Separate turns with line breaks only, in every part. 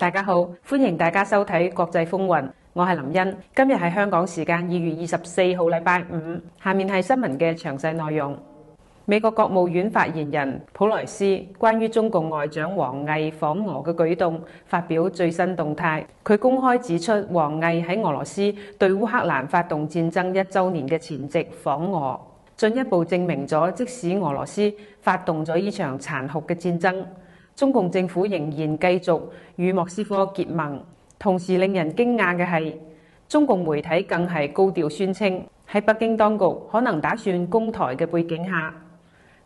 大家好，歡迎大家收睇《國際風雲》，我係林茵，今日係香港時間二月二十四號，禮拜五。下面係新聞嘅詳細內容。美國國務院發言人普萊斯關於中共外長王毅訪俄嘅舉動發表最新動態，佢公開指出，王毅喺俄羅斯對烏克蘭發動戰爭一周年嘅前夕訪俄，進一步證明咗即使俄羅斯發動咗呢場殘酷嘅戰爭。中共政府仍然繼續與莫斯科結盟，同時令人驚訝嘅係，中共媒體更係高調宣稱，喺北京當局可能打算攻台嘅背景下，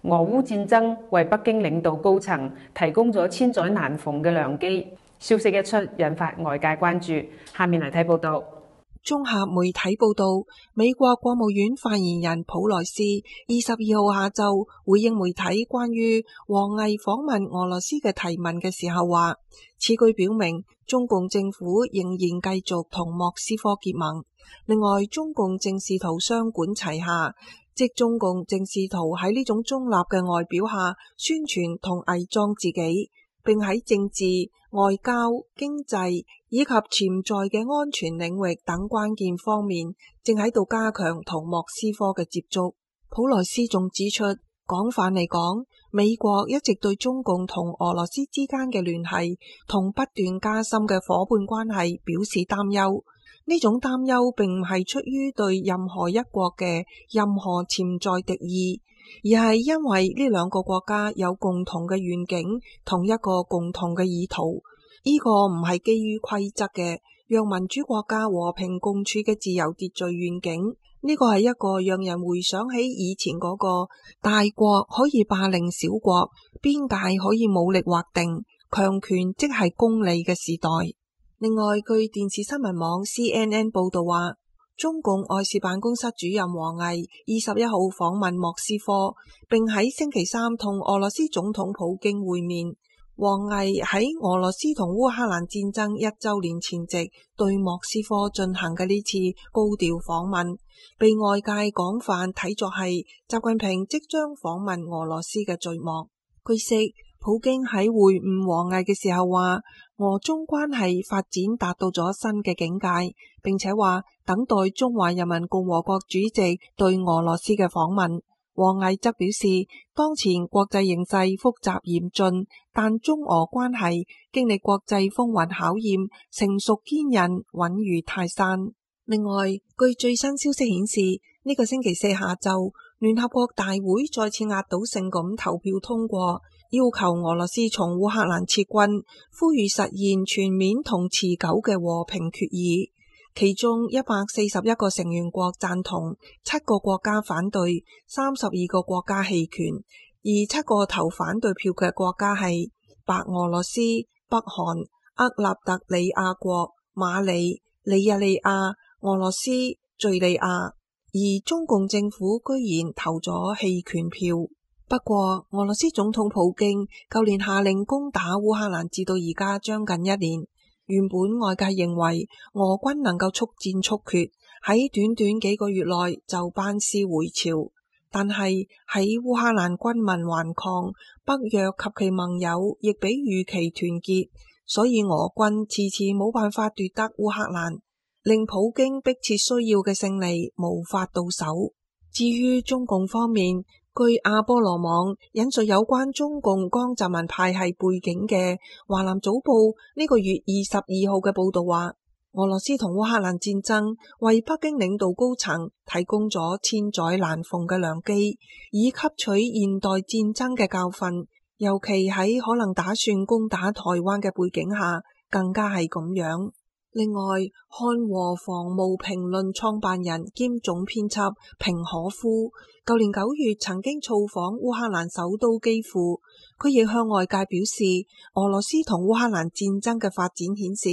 俄烏戰爭為北京領導高層提供咗千載難逢嘅良機。消息一出，引發外界關注。下面嚟睇報道。
綜合媒體報道，美國國務院發言人普萊斯二十二號下晝回應媒體關於王毅訪問俄羅斯嘅提問嘅時候話，此舉表明中共政府仍然繼續同莫斯科結盟。另外，中共正試圖雙管齊下，即中共正試圖喺呢種中立嘅外表下宣傳同偽裝自己。並喺政治、外交、經濟以及潛在嘅安全領域等關鍵方面，正喺度加強同莫斯科嘅接觸。普萊斯仲指出，廣泛嚟講，美國一直對中共同俄羅斯之間嘅聯繫同不斷加深嘅伙伴關係表示擔憂。呢種擔憂並唔係出於對任何一國嘅任何潛在敵意。而係因為呢兩個國家有共同嘅願景同一個共同嘅意圖，呢個唔係基於規則嘅，讓民主國家和平共處嘅自由秩序願景，呢個係一個讓人回想起以前嗰個大國可以霸凌小國，邊界可以武力劃定，強權即係公理嘅時代。另外，據電視新聞網 C N N 報道話。中共外事辦公室主任王毅二十一號訪問莫斯科，並喺星期三同俄羅斯總統普京會面。王毅喺俄羅斯同烏克蘭戰爭一周年前夕對莫斯科進行嘅呢次高調訪問，被外界廣泛睇作係習近平即將訪問俄羅斯嘅序幕。據悉。普京喺會晤王毅嘅時候話，俄中關係發展達到咗新嘅境界，並且話等待中華人民共和國主席對俄羅斯嘅訪問。王毅則表示，當前國際形勢複雜嚴峻，但中俄關係經歷國際風雲考驗，成熟堅韌，穩如泰山。另外，據最新消息顯示，呢、這個星期四下晝，聯合國大會再次壓倒性咁投票通過，要求俄羅斯從烏克蘭撤軍，呼籲實現全面同持久嘅和平決議。其中一百四十一個成員國贊同，七個國家反對，三十二個國家棄權。而七個投反對票嘅國家係白俄羅斯、北韓、厄立特里亞國、馬里、尼日利亞、俄羅斯、敍利亞。而中共政府居然投咗棄權票。不過俄羅斯總統普京舊年下令攻打烏克蘭，至到而家將近一年。原本外界認為俄軍能夠速戰速決，喺短短幾個月內就班師回朝，但係喺烏克蘭軍民頑抗，北約及其盟友亦比預期團結，所以俄軍遲遲冇辦法奪得烏克蘭。令普京迫切需要嘅勝利無法到手。至於中共方面，據阿波羅網引述，有關中共江澤民派系背景嘅《華南早報》呢個月二十二號嘅報道話，俄羅斯同烏克蘭戰爭為北京領導高層提供咗千載難逢嘅良機，以吸取現代戰爭嘅教訓。尤其喺可能打算攻打台灣嘅背景下，更加係咁樣。另外，漢和防務評論創辦人兼總編輯平可夫，舊年九月曾經造訪烏克蘭首都基輔，佢亦向外界表示，俄羅斯同烏克蘭戰爭嘅發展顯示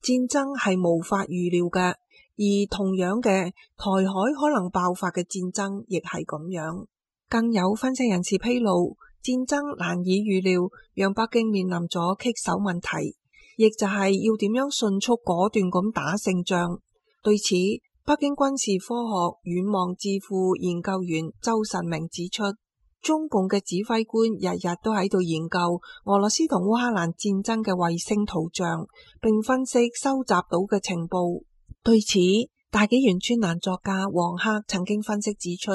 戰爭係無法預料嘅，而同樣嘅台海可能爆發嘅戰爭亦係咁樣，更有分析人士披露，戰爭難以預料，讓北京面臨咗棘手問題。亦就係要點樣迅速果斷咁打勝仗？對此，北京軍事科學遠望智庫研究員周晨明指出，中共嘅指揮官日日都喺度研究俄羅斯同烏克蘭戰爭嘅衛星圖像，並分析收集到嘅情報。對此，大紀元專欄作家王赫曾經分析指出，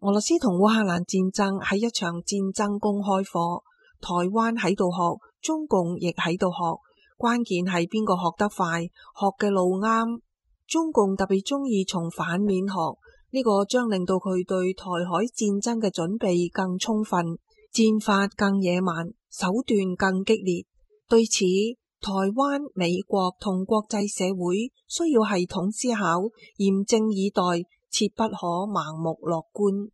俄羅斯同烏克蘭戰爭係一場戰爭公開課，台灣喺度學，中共亦喺度學。關鍵係邊個學得快，學嘅路啱。中共特別鍾意從反面學，呢個將令到佢對台海戰爭嘅準備更充分，戰法更野蠻，手段更激烈。對此，台灣、美國同國際社會需要系統思考，嚴正以待，切不可盲目樂觀。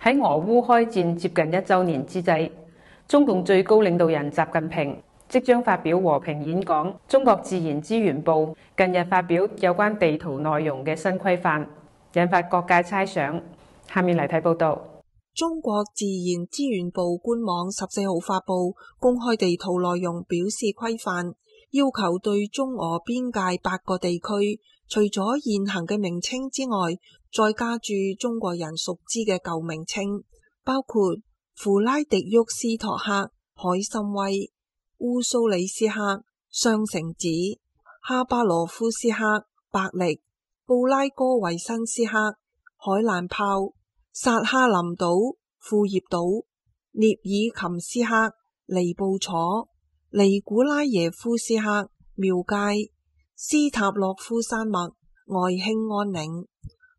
喺俄烏開戰接近一周年之際，中共
最高領導人習近平即將發表和平演講，中國自然資源部近日發表有關地圖內容嘅新規範引發各界猜想。下面嚟睇報道。
中國自然資源部官網十四號發布公開地圖內容表示規範要求對中俄邊界八個地區除咗現行嘅名稱之外，再加注中國人熟知嘅舊名稱，包括。符拉迪沃斯托克、海參崴烏蘇里斯克、雙城子、哈巴羅夫斯克、伯力、布拉戈維申斯克、海蘭泡、薩哈林島、庫頁島、涅爾琴斯克、尼布楚、尼古拉耶夫斯克、廟街、斯塔洛夫山脈、外興安嶺。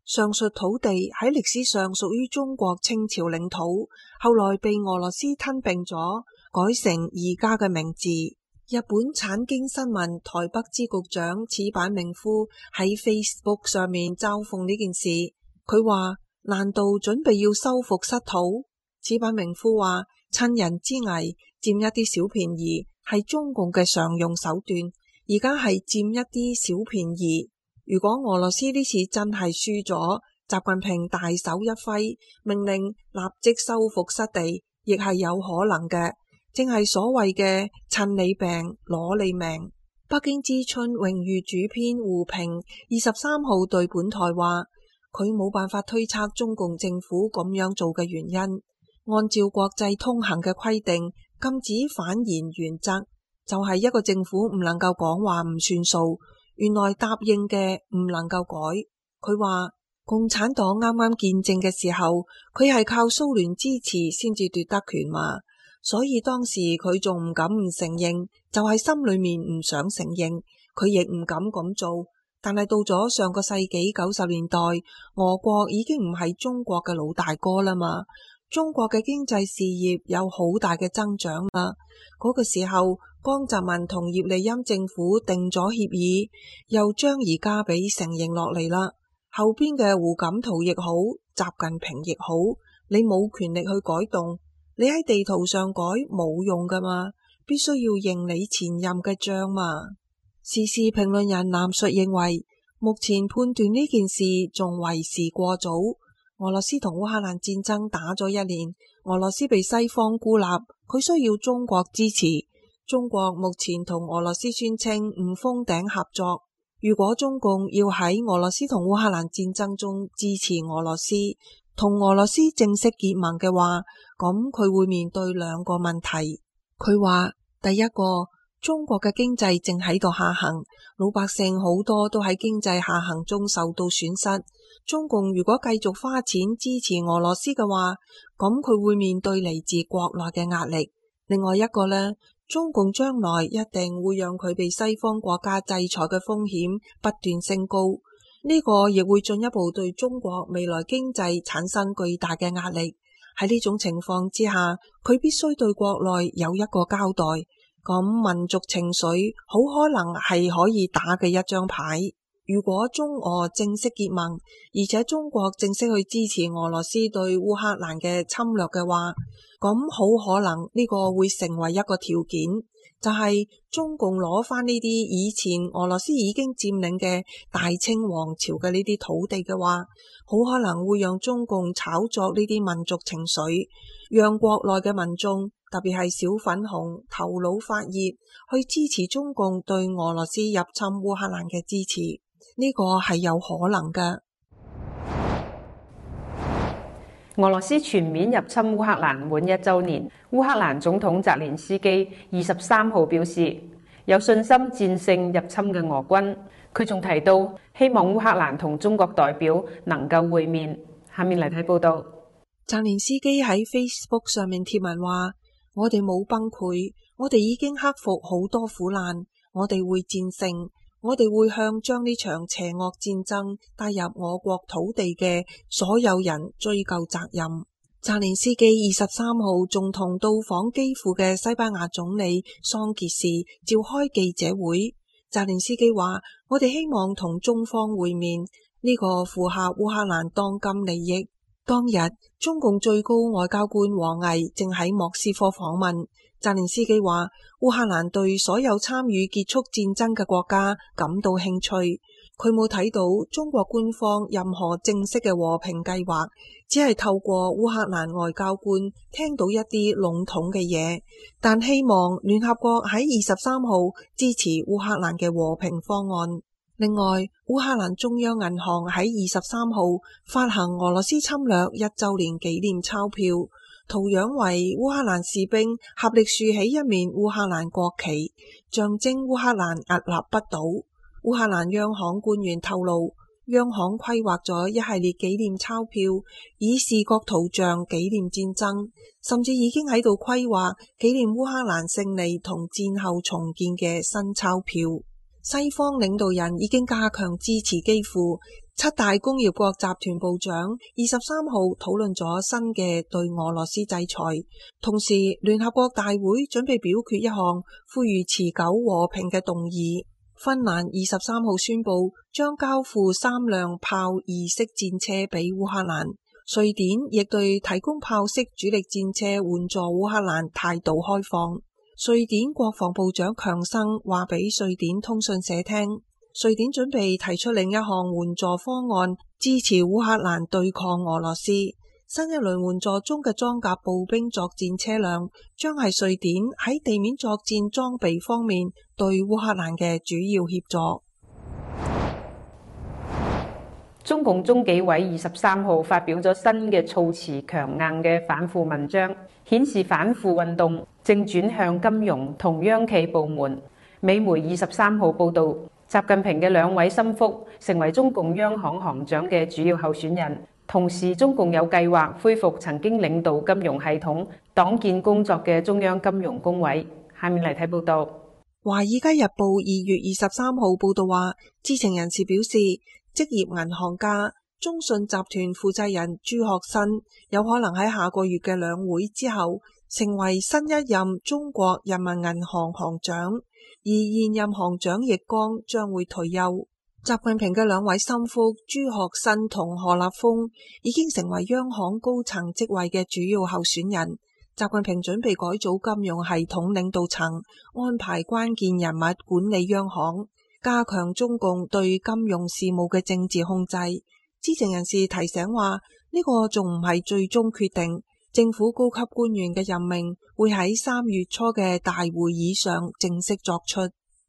上述土地喺歷史上屬於中國清朝領土，後來被俄羅斯吞併咗，改成而家嘅名字。日本產經新聞台北支局長矢板明夫喺 Facebook 上面嘲諷呢件事，佢話：難道準備要收復失土？矢板明夫話：趁人之危佔一啲小便宜，係中共嘅常用手段，而家係佔一啲小便宜。如果俄羅斯呢次真係輸咗，習近平大手一揮，命令立即收復失地，亦係有可能嘅，正係所謂嘅趁你病攞你命。北京之春榮譽主編胡平二十三號對本台話，佢冇辦法推測中共政府咁樣做嘅原因。按照國際通行嘅規定，禁止反言原則就係一個政府唔能夠講話唔算數。原來答應嘅唔能夠改，佢話共產黨啱啱建政嘅時候，佢係靠蘇聯支持先至奪得權嘛，所以當時佢仲唔敢唔承認，就係、是、心裏面唔想承認，佢亦唔敢咁做。但係到咗上個世紀九十年代，俄國已經唔係中國嘅老大哥啦嘛，中國嘅經濟事業有好大嘅增長啦，嗰、那個時候。江澤民同葉利欽政府定咗協議，又將而家俾承認落嚟啦。後邊嘅胡錦濤亦好，習近平亦好，你冇權力去改動，你喺地圖上改冇用噶嘛，必須要認你前任嘅賬嘛。時事評論人藍述認為，目前判斷呢件事仲為時過早。俄羅斯同烏克蘭戰爭打咗一年，俄羅斯被西方孤立，佢需要中國支持。中國目前同俄羅斯宣稱唔封頂合作。如果中共要喺俄羅斯同烏克蘭戰爭中支持俄羅斯，同俄羅斯正式結盟嘅話，咁佢會面對兩個問題。佢話，第一個，中國嘅經濟正喺度下行，老百姓好多都喺經濟下行中受到損失。中共如果繼續花錢支持俄羅斯嘅話，咁佢會面對嚟自國內嘅壓力。另外一個呢。中共將來一定會讓佢被西方國家制裁嘅風險不斷升高，呢個亦會進一步對中國未來經濟產生巨大嘅壓力。喺呢種情況之下，佢必須對國內有一個交代，咁民族情緒好可能係可以打嘅一張牌。如果中俄正式結盟，而且中國正式去支持俄羅斯對烏克蘭嘅侵略嘅話，咁好可能呢個會成為一個條件，就係中共攞翻呢啲以前俄羅斯已經佔領嘅大清王朝嘅呢啲土地嘅話，好可能會讓中共炒作呢啲民族情緒，讓國內嘅民眾，特別係小粉紅頭腦發熱去支持中共對俄羅斯入侵烏克蘭嘅支持。呢個係有可能㗎。俄
羅斯全面入侵烏克蘭滿一週年，烏克蘭總統澤連斯基二十三號表示有信心戰勝入侵嘅俄軍。佢仲提到希望烏克蘭同中國代表能夠會面。下面嚟睇報道。
澤連斯基喺 Facebook 上面貼文話：我哋冇崩潰，我哋已經克服好多苦難，我哋會戰勝。我哋會向將呢場邪惡戰爭帶入我國土地嘅所有人追究責任。澤連斯基二十三號仲同到訪基輔嘅西班牙總理桑傑士召開記者會。澤連斯基話：我哋希望同中方會面呢個符合烏克蘭當今利益。當日，中共最高外交官王毅正喺莫斯科訪問。澤連斯基話：烏克蘭對所有參與結束戰爭嘅國家感到興趣。佢冇睇到中國官方任何正式嘅和平計劃，只係透過烏克蘭外交官聽到一啲籠統嘅嘢。但希望聯合國喺二十三號支持烏克蘭嘅和平方案。另外，烏克蘭中央銀行喺二十三號發行俄羅斯侵略一週年紀念鈔票。圖樣為烏克蘭士兵合力豎起一面烏克蘭國旗，象徵烏克蘭屹立不倒。烏克蘭央行官員透露，央行規劃咗一系列紀念鈔票，以視覺圖像紀念戰爭，甚至已經喺度規劃紀念烏克蘭勝利同戰後重建嘅新鈔票。西方領導人已經加強支持基輔。七大工業國集團部長二十三號討論咗新嘅對俄羅斯制裁，同時聯合國大會準備表決一項呼籲持久和平嘅動議。芬蘭二十三號宣布將交付三輛豹二式戰車俾烏克蘭，瑞典亦對提供豹式主力戰車援助烏克蘭態度開放。瑞典國防部長強生話俾瑞典通訊社聽。瑞典準備提出另一項援助方案，支持烏克蘭對抗俄羅斯。新一輪援助中嘅裝甲步兵作戰車輛，將係瑞典喺地面作戰裝備方面對烏克蘭嘅主要協助。中共中紀委二十三號發表咗
新嘅措辭強硬嘅反腐文章，顯示反腐運動正轉向金融同央企部門。美媒二十三號報道，習近平嘅兩位心腹成為中共央行行長嘅主要候選人，同時中共有計劃恢復曾經領導金融系統黨建工作嘅中央金融
工委。下面嚟睇報道，《華爾街日報》二月二十三號報道話知情人士表示，職業銀行家中信集團負責人朱學新有可能喺下個月嘅兩會之後成為新一任中國人民銀行行長。而現任行長易綱將會退休，習近平嘅兩位心腹朱學新同何立峰已經成為央行高層職位嘅主要候選人。習近平準備改組金融系統領導層，安排關鍵人物管理央行，加強中共對金融事務嘅政治控制。知情人士提醒話，呢個仲唔係最終決定。政府高級官員嘅任命會喺三月初嘅大會議上正式作出。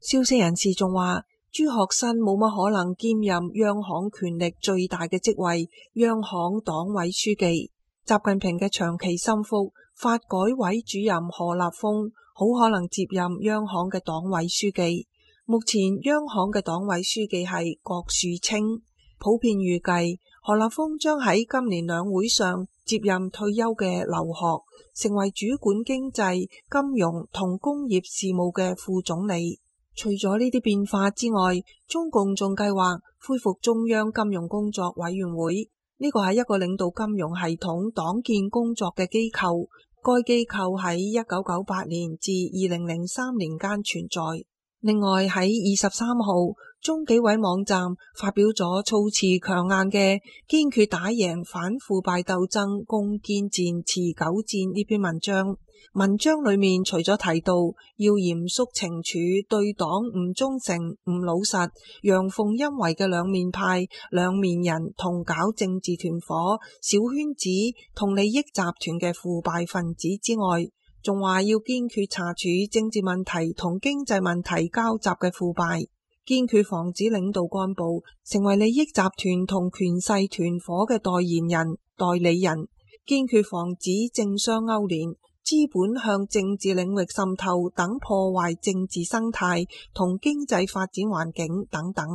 消息人士仲話，朱學新冇乜可能兼任央行權力最大嘅職位——央行黨委書記。習近平嘅長期心腹、發改委主任何立峰好可能接任央行嘅黨委書記。目前央行嘅黨委書記係郭樹清，普遍預計何立峰將喺今年兩會上。接任退休嘅劉鶴，成為主管經濟、金融同工業事務嘅副總理。除咗呢啲變化之外，中共仲計劃恢復中央金融工作委員會，呢個係一個領導金融系統黨建工作嘅機構。該機構喺一九九八年至二零零三年間存在。另外喺二十三號，中紀委網站發表咗措辭強硬嘅堅決打贏反腐敗鬥爭、攻堅戰、持久戰呢篇文章。文章裏面除咗提到要嚴肅懲處對黨唔忠誠、唔老實、陽奉陰違嘅兩面派、兩面人同搞政治團伙、小圈子同利益集團嘅腐敗分子之外，仲話要堅決查處政治問題同經濟問題交集嘅腐敗，堅決防止領導幹部成為利益集團同權勢團夥嘅代言人、代理人，堅決防止政商勾連、資本向政治領域滲透等破壞政治生態同經濟發展環境等等。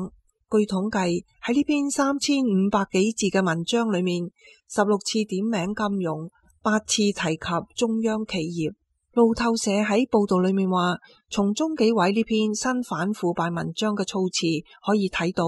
據統計，喺呢篇三千五百幾字嘅文章裏面，十六次點名金融。八次提及中央企業，路透社喺報道裏面話，從中紀委呢篇新反腐敗文章嘅措辭可以睇到，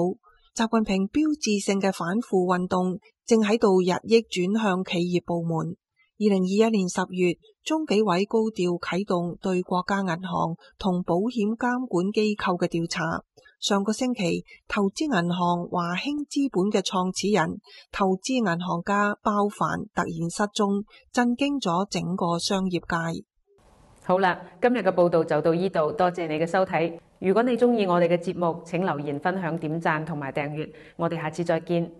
習近平標誌性嘅反腐運動正喺度日益轉向企業部門。二零二一年十月，中紀委高調啟動對國家銀行同保險監管機構嘅調查。上個星期，投資銀行華興資本嘅創始人、投資銀行家包凡突然失蹤，震驚咗整個商業界。好啦，
今日嘅報道就到呢度，多謝你嘅收睇。如果你鍾意我哋嘅節目，請留言、分享、點讚同埋訂閱。我哋下次再見。